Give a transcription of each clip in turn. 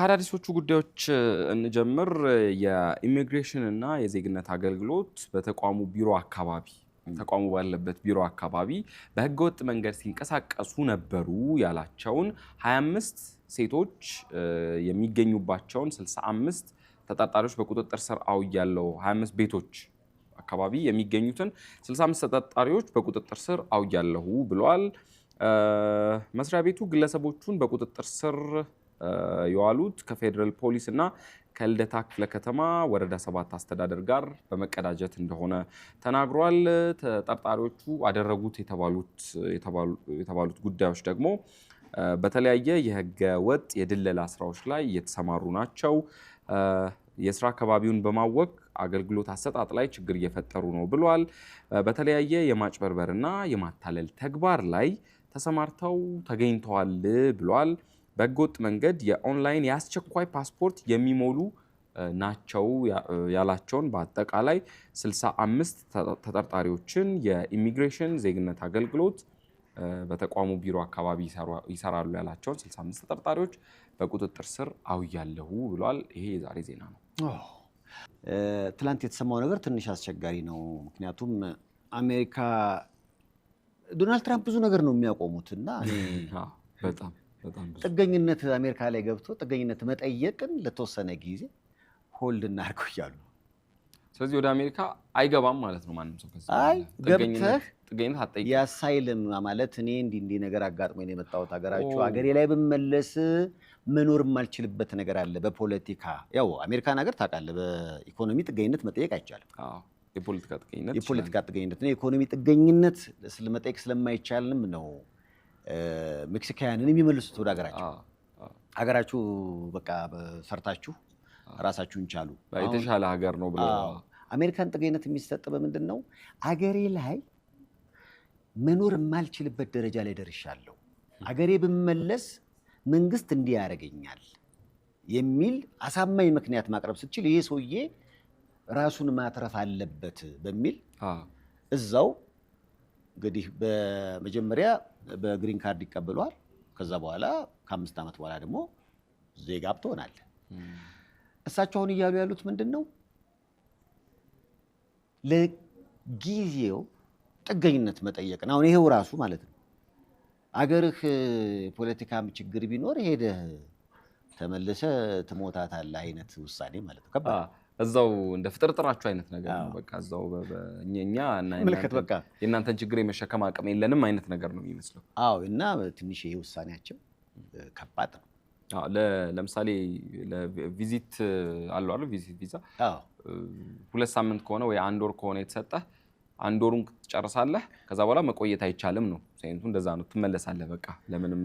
ከአዳዲሶቹ ጉዳዮች እንጀምር። የኢሚግሬሽን እና የዜግነት አገልግሎት በተቋሙ ቢሮ አካባቢ ተቋሙ ባለበት ቢሮ አካባቢ በህገወጥ መንገድ ሲንቀሳቀሱ ነበሩ ያላቸውን 25 ሴቶች የሚገኙባቸውን 65 ተጠርጣሪዎች በቁጥጥር ስር አውያለሁ 25 ቤቶች አካባቢ የሚገኙትን 65 ተጠርጣሪዎች በቁጥጥር ስር አውያለሁ ብሏል። መስሪያ ቤቱ ግለሰቦቹን በቁጥጥር ስር የዋሉት ከፌዴራል ፖሊስ እና ከልደታ ክፍለ ከተማ ወረዳ ሰባት አስተዳደር ጋር በመቀዳጀት እንደሆነ ተናግሯል። ተጠርጣሪዎቹ አደረጉት የተባሉት ጉዳዮች ደግሞ በተለያየ የህገ ወጥ የድለላ ስራዎች ላይ እየተሰማሩ ናቸው፣ የስራ አካባቢውን በማወቅ አገልግሎት አሰጣጥ ላይ ችግር እየፈጠሩ ነው ብሏል። በተለያየ የማጭበርበርና የማታለል ተግባር ላይ ተሰማርተው ተገኝተዋል ብሏል። በህገወጥ መንገድ የኦንላይን የአስቸኳይ ፓስፖርት የሚሞሉ ናቸው ያላቸውን በአጠቃላይ 65 ተጠርጣሪዎችን የኢሚግሬሽን ዜግነት አገልግሎት በተቋሙ ቢሮ አካባቢ ይሰራሉ ያላቸውን 65 ተጠርጣሪዎች በቁጥጥር ስር አውያለሁ ብሏል። ይሄ የዛሬ ዜና ነው። ትላንት የተሰማው ነገር ትንሽ አስቸጋሪ ነው። ምክንያቱም አሜሪካ ዶናልድ ትራምፕ ብዙ ነገር ነው የሚያቆሙት እና በጣም ጥገኝነት አሜሪካ ላይ ገብቶ ጥገኝነት መጠየቅን ለተወሰነ ጊዜ ሆልድ እናድርገው እያሉ ስለዚህ ወደ አሜሪካ አይገባም ማለት ነው ማንም ሰው። አይ ገብተህ ጥገኝነት አትጠይቅም። የአሳይልም ማለት እኔ እንዲህ እንዲህ ነገር አጋጥሞ ነው የመጣሁት ሀገራችሁ ሀገሬ ላይ ብመለስ መኖር የማልችልበት ነገር አለ። በፖለቲካ ያው አሜሪካን ሀገር ታውቃለህ፣ በኢኮኖሚ ጥገኝነት መጠየቅ አይቻልም። የፖለቲካ ጥገኝነት የፖለቲካ ጥገኝነት ነው። የኢኮኖሚ ጥገኝነት ስለመጠየቅ ስለማይቻልም ነው ሜክሲካያንን የሚመልሱት ወደ ሀገራቸው ሀገራችሁ በቃ ሰርታችሁ ራሳችሁን ቻሉ የተሻለ ሀገር ነው ብሎ አሜሪካን ጥገኝነት የሚሰጥ በምንድን ነው? አገሬ ላይ መኖር የማልችልበት ደረጃ ላይ ደርሻለሁ፣ አገሬ ብመለስ መንግስት እንዲህ ያደርገኛል የሚል አሳማኝ ምክንያት ማቅረብ ስትችል ይሄ ሰውዬ ራሱን ማትረፍ አለበት በሚል እዛው እንግዲህ በመጀመሪያ በግሪን ካርድ ይቀበሏል። ከዛ በኋላ ከአምስት ዓመት በኋላ ደግሞ ዜጋብ ትሆናለ። እሳቸው አሁን እያሉ ያሉት ምንድን ነው? ለጊዜው ጥገኝነት ነው። አሁን ይሄው ራሱ ማለት ነው አገርህ ፖለቲካም ችግር ቢኖር ሄደህ ተመልሰ ትሞታታለህ አይነት ውሳኔ ማለት ነው። እዛው እንደ ፍጥርጥራችሁ አይነት ነገር ነው። በቃ እዛው እኛ ምልክት በቃ የእናንተን ችግር የመሸከም አቅም የለንም አይነት ነገር ነው የሚመስለው። አዎ። እና ትንሽ ይሄ ውሳኔያቸው ከባድ ነው። ለምሳሌ ለቪዚት አለው አሉ ቪዚት ቪዛ ሁለት ሳምንት ከሆነ ወይ አንድ ወር ከሆነ የተሰጠህ አንድ ወሩን ትጨርሳለህ። ከዛ በኋላ መቆየት አይቻልም ነው ሳይንቱ። እንደዛ ነው። ትመለሳለህ በቃ ለምንም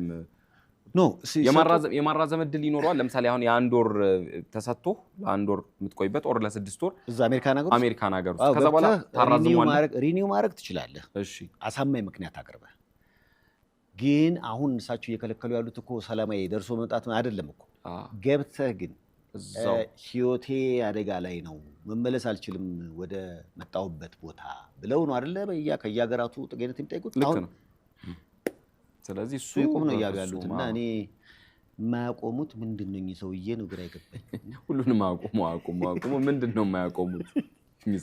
የማራዘም እድል ይኖረዋል። ለምሳሌ አሁን የአንድ ወር ተሰጥቶ ለአንድ ወር የምትቆይበት ወር ለስድስት ወር እዛ አሜሪካን ሀገር ውስጥ ከዛ በኋላ ታራዝሟል። ሪኒው ማድረግ ትችላለህ፣ አሳማኝ ምክንያት አቅርበ ግን አሁን እሳቸው እየከለከሉ ያሉት እኮ ሰላማዊ ደርሶ መምጣት አይደለም እኮ ገብተህ ግን ህይወቴ አደጋ ላይ ነው፣ መመለስ አልችልም ወደ መጣሁበት ቦታ ብለው ነው አደለ? ከየሀገራቱ ጥገኝነት የሚጠይቁት አሁን ስለዚህ እሱ ቁም ነው እያሉ ያሉት እና እኔ የማያቆሙት ምንድን ነው እኚህ ሰውዬ ነው ግራ ይገባኝ። ሁሉንም አቁሙ አቁሙ አቁሙ። ምንድን ነው የማያቆሙት?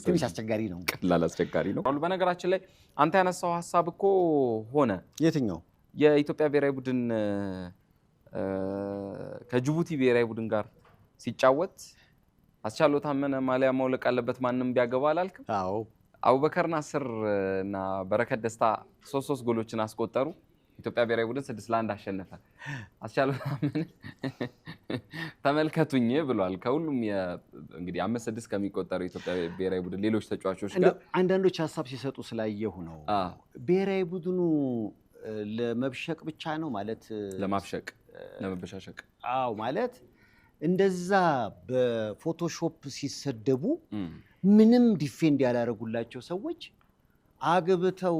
ትንሽ አስቸጋሪ ነው፣ ቀላል አስቸጋሪ ነው። በነገራችን ላይ አንተ ያነሳው ሀሳብ እኮ ሆነ የትኛው የኢትዮጵያ ብሔራዊ ቡድን ከጅቡቲ ብሔራዊ ቡድን ጋር ሲጫወት አስቻሎ ታመነ ማሊያ ማውለቅ አለበት ማንም ቢያገባ አላልክም? አዎ አቡበከር ናስር እና በረከት ደስታ ሶስት ሶስት ጎሎችን አስቆጠሩ። ኢትዮጵያ ብሔራዊ ቡድን ስድስት ለአንድ አሸነፈ። አስቻለ ታመነ ተመልከቱኝ ብሏል። ከሁሉም እንግዲህ አምስት ስድስት ከሚቆጠሩ ኢትዮጵያ ብሔራዊ ቡድን ሌሎች ተጫዋቾች ጋር አንዳንዶች ሀሳብ ሲሰጡ ስላየሁ ነው ብሔራዊ ቡድኑ ለመብሸቅ ብቻ ነው ማለት ለማብሸቅ ለመበሻሸቅ አዎ ማለት እንደዛ በፎቶሾፕ ሲሰደቡ ምንም ዲፌንድ ያላደረጉላቸው ሰዎች አግብተው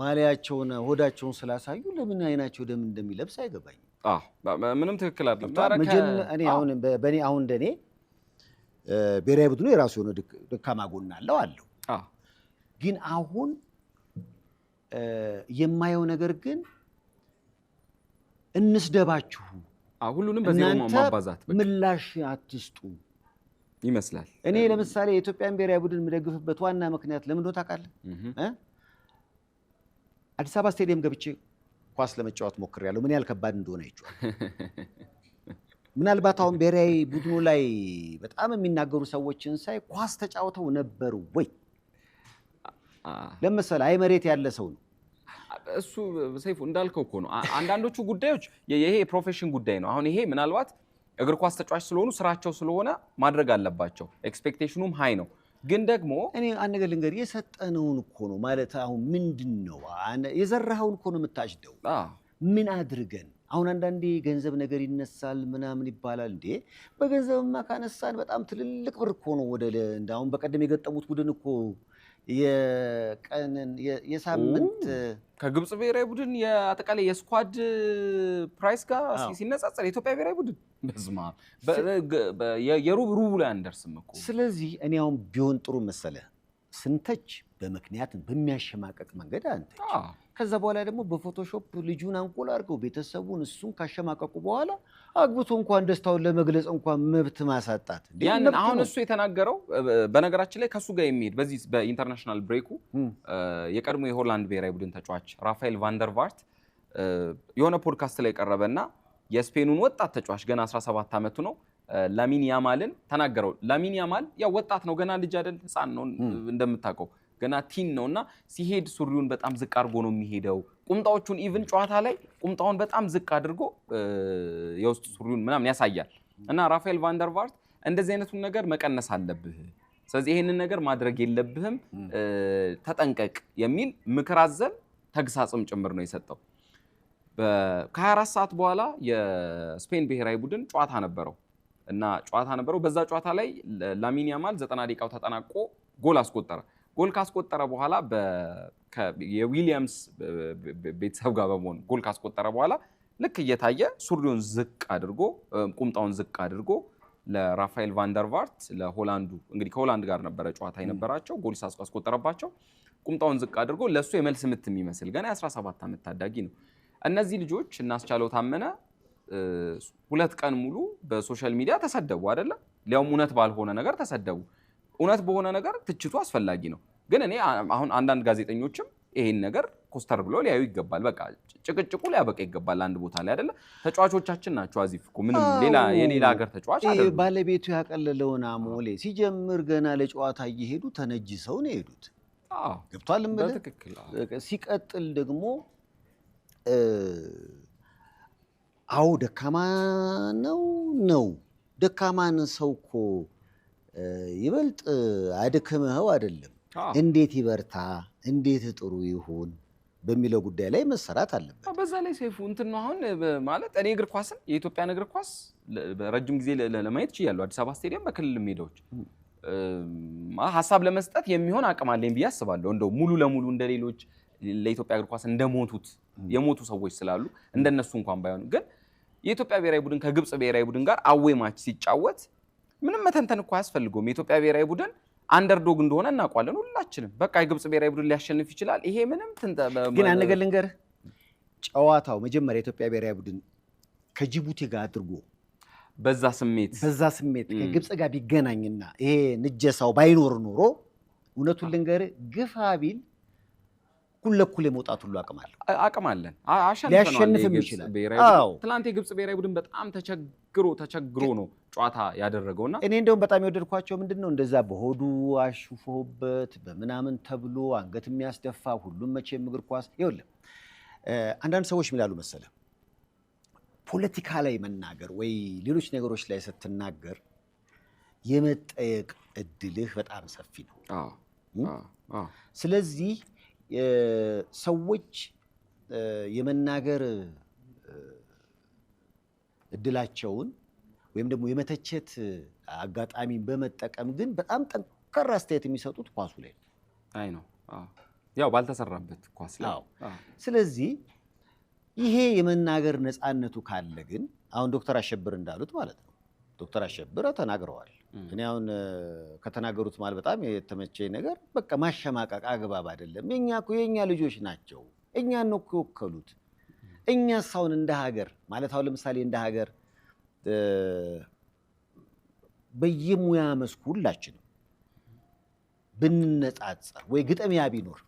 ማሊያቸውን ሆዳቸውን ስላሳዩ ለምን አይናቸው ደም እንደሚለብስ አይገባኝም። ምንም ትክክል አይደለም። በእኔ አሁን እንደኔ ብሔራዊ ቡድኑ የራሱ የሆነ ደካማ ጎን አለው አለው። ግን አሁን የማየው ነገር ግን እንስደባችሁ፣ ሁሉንም በዜ ማባዛት፣ ምላሽ አትስጡ ይመስላል። እኔ ለምሳሌ የኢትዮጵያን ብሔራዊ ቡድን የምደግፍበት ዋና ምክንያት ለምን ሆነ ታውቃለህ? አዲስ አበባ ስቴዲየም ገብቼ ኳስ ለመጫወት ሞክሬያለሁ። ምን ያህል ከባድ እንደሆነ አይቼዋለሁ። ምናልባት አሁን ብሔራዊ ቡድኑ ላይ በጣም የሚናገሩ ሰዎችን ሳይ ኳስ ተጫውተው ነበሩ ወይ ለምሳሌ አይ መሬት ያለ ሰው ነው እሱ። ሰይፉ እንዳልከው እኮ ነው። አንዳንዶቹ ጉዳዮች ይሄ የፕሮፌሽን ጉዳይ ነው። አሁን ይሄ ምናልባት እግር ኳስ ተጫዋች ስለሆኑ ስራቸው ስለሆነ ማድረግ አለባቸው። ኤክስፔክቴሽኑም ሀይ ነው። ግን ደግሞ እኔ አንድ ነገር ልንገር፣ የሰጠነውን እኮ ነው ማለት አሁን ምንድን ነው የዘራኸውን እኮ ነው የምታጭደው። ምን አድርገን አሁን አንዳንዴ ገንዘብ ነገር ይነሳል ምናምን ይባላል። እንዴ በገንዘብማ ካነሳን በጣም ትልልቅ ብር እኮ ነው ወደ እንዳሁን በቀደም የገጠሙት ቡድን እኮ የቀንን የሳምንት ከግብፅ ብሔራዊ ቡድን አጠቃላይ የስኳድ ፕራይስ ጋር ሲነጻጸር የኢትዮጵያ ብሔራዊ ቡድን በዝማ የሩብ ሩቡ ላይ አንደርስም እኮ። ስለዚህ እኔ አሁን ቢሆን ጥሩ መሰለ ስንተች በምክንያት በሚያሸማቀቅ መንገድ አንተ ከዛ በኋላ ደግሞ በፎቶሾፕ ልጁን አንቆል አድርገው ቤተሰቡን እሱን ካሸማቀቁ በኋላ አግብቶ እንኳን ደስታውን ለመግለጽ እንኳን መብት ማሳጣት ያንን አሁን እሱ የተናገረው በነገራችን ላይ ከሱ ጋር የሚሄድ በዚህ በኢንተርናሽናል ብሬኩ የቀድሞ የሆላንድ ብሔራዊ ቡድን ተጫዋች ራፋኤል ቫንደርቫርት የሆነ ፖድካስት ላይ ቀረበና የስፔኑን ወጣት ተጫዋች ገና 17 ዓመቱ ነው ላሚን ያማልን ተናገረው። ላሚን ያማል ያው ወጣት ነው ገና ልጅ አይደል፣ ህፃን ነው እንደምታውቀው ገና ቲን ነው እና ሲሄድ ሱሪውን በጣም ዝቅ አድርጎ ነው የሚሄደው። ቁምጣዎቹን ኢቭን ጨዋታ ላይ ቁምጣውን በጣም ዝቅ አድርጎ የውስጥ ሱሪውን ምናምን ያሳያል እና ራፋኤል ቫንደርቫርት እንደዚህ አይነቱን ነገር መቀነስ አለብህ፣ ስለዚህ ይሄንን ነገር ማድረግ የለብህም ተጠንቀቅ የሚል ምክር አዘል ተግሳጽም ጭምር ነው የሰጠው። ከ24 ሰዓት በኋላ የስፔን ብሔራዊ ቡድን ጨዋታ ነበረው እና ጨዋታ ነበረው። በዛ ጨዋታ ላይ ላሚን ያማል ዘጠና ደቂቃው ተጠናቆ ጎል አስቆጠረ። ጎል ካስቆጠረ በኋላ የዊሊያምስ ቤተሰብ ጋር በመሆን ጎል ካስቆጠረ በኋላ ልክ እየታየ ሱሪውን ዝቅ አድርጎ ቁምጣውን ዝቅ አድርጎ ለራፋኤል ቫንደርቫርት ለሆላንዱ እንግዲህ ከሆላንድ ጋር ነበረ ጨዋታ የነበራቸው ጎል አስቆጠረባቸው። ቁምጣውን ዝቅ አድርጎ ለእሱ የመልስ ምት የሚመስል ገና የ17 ዓመት ታዳጊ ነው። እነዚህ ልጆች እናስቻለው ታመነ ሁለት ቀን ሙሉ በሶሻል ሚዲያ ተሰደቡ አይደለም፣ ሊያውም እውነት ባልሆነ ነገር ተሰደቡ። እውነት በሆነ ነገር ትችቱ አስፈላጊ ነው። ግን እኔ አሁን አንዳንድ ጋዜጠኞችም ይሄን ነገር ኮስተር ብሎ ሊያዩ ይገባል። በቃ ጭቅጭቁ ሊያበቃ ይገባል። አንድ ቦታ ላይ አይደለ ተጫዋቾቻችን ናቸው። አዚፍ እኮ ምንም ሌላ የሌላ ሀገር ተጫዋች አይደለም። ባለቤቱ ያቀለለውን አሞሌ ሲጀምር ገና ለጨዋታ እየሄዱ ተነጅሰው ነው የሄዱት። ገብቷል ሲቀጥል ደግሞ አዎ ደካማ ነው ነው ደካማን ሰው እኮ ይበልጥ አድክምኸው አይደለም፣ እንዴት ይበርታ፣ እንዴት ጥሩ ይሁን በሚለው ጉዳይ ላይ መሰራት አለበት። በዛ ላይ ሰይፉ እንትን ነው አሁን ማለት እኔ እግር ኳስን የኢትዮጵያን እግር ኳስ ረጅም ጊዜ ለማየት ችያለሁ። አዲስ አበባ ስቴዲየም፣ በክልል ሜዳዎች ሀሳብ ለመስጠት የሚሆን አቅም አለኝ ብዬ አስባለሁ። እንደው ሙሉ ለሙሉ እንደ ሌሎች ለኢትዮጵያ እግር ኳስ እንደሞቱት የሞቱ ሰዎች ስላሉ እንደነሱ እንኳን ባይሆኑ ግን የኢትዮጵያ ብሔራዊ ቡድን ከግብፅ ብሔራዊ ቡድን ጋር አዌ ማች ሲጫወት ምንም መተንተን እኮ አያስፈልገውም። የኢትዮጵያ ብሔራዊ ቡድን አንደርዶግ እንደሆነ እናውቋለን ሁላችንም። በቃ የግብፅ ብሔራዊ ቡድን ሊያሸንፍ ይችላል። ይሄ ምንም ግን አንድ ነገር ጨዋታው መጀመሪያ የኢትዮጵያ ብሔራዊ ቡድን ከጅቡቲ ጋር አድርጎ በዛ ስሜት በዛ ስሜት ከግብፅ ጋር ቢገናኝና ይሄ ንጀሳው ባይኖር ኖሮ እውነቱን ልንገር ግፋ ቢል እኩል ለኩል የመውጣት ሁሉ አቅም አለ አቅም አለን። ሊያሸንፍም ይችላል። ትላንት የግብፅ ብሔራዊ ቡድን በጣም ተቸግሮ ተቸግሮ ነው ጨዋታ ያደረገውና እኔ እንደውም በጣም የወደድኳቸው ምንድን ነው እንደዛ በሆዱ አሽፎበት በምናምን ተብሎ አንገት የሚያስደፋ ሁሉም መቼም እግር ኳስ ይኸውልህ፣ አንዳንድ ሰዎች ሚላሉ መሰለ ፖለቲካ ላይ መናገር ወይ ሌሎች ነገሮች ላይ ስትናገር የመጠየቅ እድልህ በጣም ሰፊ ነው። ስለዚህ ሰዎች የመናገር እድላቸውን ወይም ደግሞ የመተቸት አጋጣሚ በመጠቀም ግን በጣም ጠንካራ አስተያየት የሚሰጡት ኳሱ ላይ ነው። አይ ነው ያው ባልተሰራበት ኳስ ላይ። ስለዚህ ይሄ የመናገር ነፃነቱ ካለ ግን አሁን ዶክተር አሸብር እንዳሉት ማለት ነው። ዶክተር አሸብር ተናግረዋል እኔ አሁን ከተናገሩት ማለት በጣም የተመቸኝ ነገር በቃ ማሸማቀቅ አግባብ አይደለም። የኛ እኮ የእኛ ልጆች ናቸው። እኛ ነው እኮ የወከሉት። እኛ ሳውን እንደ ሀገር ማለት አሁን ለምሳሌ እንደ ሀገር በየሙያ መስኩ ሁላችንም ብንነጻጸር ወይ ግጥሚያ ቢኖር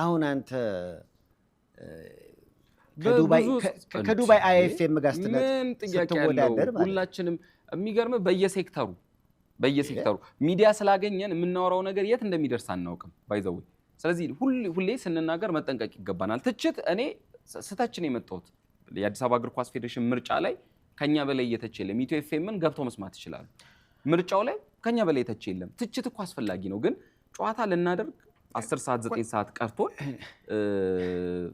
አሁን አንተ ከዱባይ አይኤፍኤም ጋር ስትወዳደር ሁላችንም የሚገርም በየሴክተሩ በየሴክተሩ ሚዲያ ስላገኘን የምናወራው ነገር የት እንደሚደርስ አናውቅም። ባይዘው ስለዚህ ሁሌ ስንናገር መጠንቀቅ ይገባናል። ትችት እኔ ስተችን የመጣሁት የአዲስ አበባ እግር ኳስ ፌዴሬሽን ምርጫ ላይ ከኛ በላይ እየተች የለም። ኢትዮ ኤፍኤምን ገብቶ መስማት ይችላሉ። ምርጫው ላይ ከኛ በላይ የተች የለም። ትችት እኮ አስፈላጊ ነው፣ ግን ጨዋታ ልናደርግ 1 ሰዓት 9 ሰዓት ቀርቶ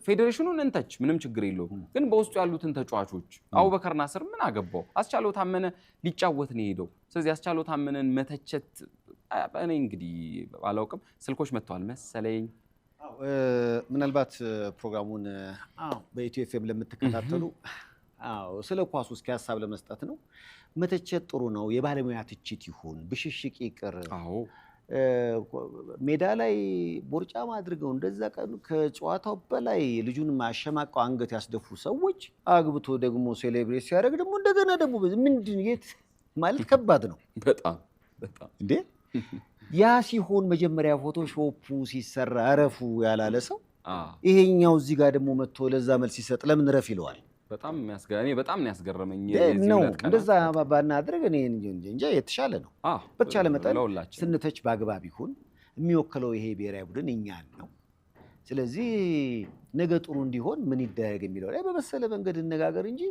ፌዴሬሽኑን እንተች፣ ምንም ችግር የለውም። ግን በውስጡ ያሉትን ተጫዋቾች አቡበከር ናስር ምን አገባው? አስቻለው ታመነ ሊጫወት ነው የሄደው ስለዚህ ያስቻለው ታምንን መተቸት እኔ እንግዲህ አላውቅም። ስልኮች መጥተዋል መሰለኝ። ምናልባት ፕሮግራሙን በኢትዮ ኤፍ ኤም ለምትከታተሉ ስለ ኳሱ እስኪ ሀሳብ ለመስጠት ነው። መተቸት ጥሩ ነው። የባለሙያ ትችት ይሁን ብሽሽቅ ይቅር። ሜዳ ላይ ቦርጫም አድርገው እንደዛ ቀኑ ከጨዋታው በላይ ልጁን አሸማቀው አንገት ያስደፉ ሰዎች አግብቶ ደግሞ ሴሌብሬት ሲያደርግ ደግሞ እንደገና ደግሞ ምንድን የት ማለት ከባድ ነው በጣም እንዴ። ያ ሲሆን መጀመሪያ ፎቶሾፑ ሲሰራ እረፉ ያላለ ሰው ይሄኛው እዚህ ጋር ደግሞ መጥቶ ለዛ መልስ ሲሰጥ ለምን ረፍ ይለዋል? በጣም በጣም ያስገረመኝ ነው። እንደዛ ባናድርግ እኔ የተሻለ ነው። በተቻለ መጠን ስንተች በአግባብ ይሁን። የሚወክለው ይሄ ብሔራዊ ቡድን እኛን ነው። ስለዚህ ነገ ጥሩ እንዲሆን ምን ይደረግ የሚለው ላይ በመሰለ መንገድ እነጋገር እንጂ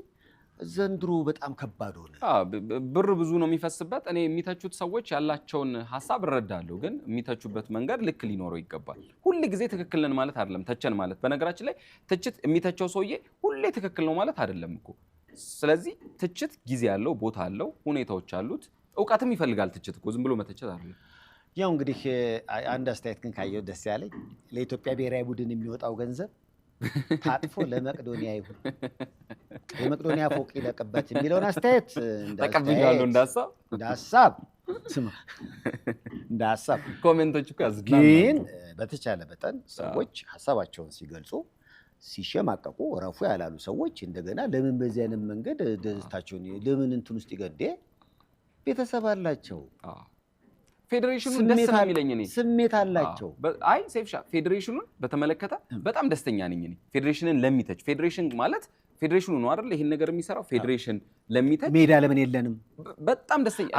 ዘንድሮ በጣም ከባድ ሆነ። ብር ብዙ ነው የሚፈስበት። እኔ የሚተቹት ሰዎች ያላቸውን ሀሳብ እረዳለሁ፣ ግን የሚተቹበት መንገድ ልክ ሊኖረው ይገባል። ሁል ጊዜ ትክክል ነን ማለት አይደለም ተቸን ማለት። በነገራችን ላይ ትችት የሚተቸው ሰውዬ ሁሌ ትክክል ነው ማለት አይደለም እኮ። ስለዚህ ትችት ጊዜ አለው፣ ቦታ አለው፣ ሁኔታዎች አሉት፣ እውቀትም ይፈልጋል። ትችት እኮ ዝም ብሎ መተቸት አይደለም። ያው እንግዲህ አንድ አስተያየት ግን ካየው ደስ ያለኝ ለኢትዮጵያ ብሔራዊ ቡድን የሚወጣው ገንዘብ ታጥፎ ለመቅዶኒያ ይሁን የመቅዶኒያ ፎቅ ይለቅበት የሚለውን አስተያየት ተቀብያለሁ። እንዳሳብ እንዳሳብ እንደ ሀሳብ ኮሜንቶች ግን በተቻለ መጠን ሰዎች ሀሳባቸውን ሲገልጹ ሲሸማቀቁ ረፉ ያላሉ ሰዎች እንደገና ለምን በዚህ አይነት መንገድ ደስታቸውን ለምን እንትን ውስጥ ይገዴ ቤተሰብ አላቸው። ፌዴሬሽኑን ደስ ነው የሚለኝ እኔ ስሜት አላቸው። አይ ሴፍሻ ፌዴሬሽኑን በተመለከተ በጣም ደስተኛ ነኝ እኔ ፌዴሬሽንን ለሚተች ፌዴሬሽን ማለት ፌዴሬሽኑ ነው አይደል ይሄን ነገር የሚሰራው ፌዴሬሽን ለሚተክ ሜዳ ለምን የለንም? በጣም ደስተኛ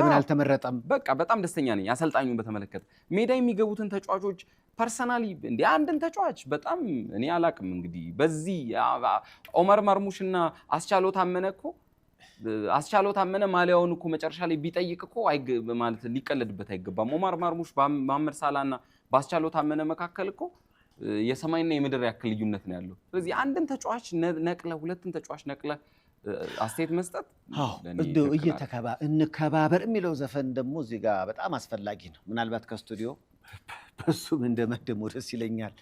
ለምን አልተመረጠም? በቃ በጣም ደስተኛ ነኝ። አሰልጣኙን በተመለከተ ሜዳ የሚገቡትን ተጫዋቾች ፐርሰናሊ እንደ አንድን ተጫዋች በጣም እኔ አላቅም። እንግዲህ በዚህ ኦመር መርሙሽና አስቻለው ታመነ እኮ አስቻለው ታመነ ማሊያውን እኮ መጨረሻ ላይ ቢጠይቅ እኮ ማለት ሊቀለድበት አይገባም። ኦመር መርሙሽ፣ መሐመድ ሳላህ እና በአስቻለው ታመነ መካከል እኮ የሰማይና የምድር ያክል ልዩነት ነው ያለው። ስለዚህ አንድን ተጫዋች ነቅለ ሁለትን ተጫዋች ነቅለ አስተያየት መስጠት እየተከባ እንከባበር የሚለው ዘፈን ደግሞ እዚህ ጋር በጣም አስፈላጊ ነው። ምናልባት ከስቱዲዮ በሱም እንደመደሞ ደስ ይለኛል።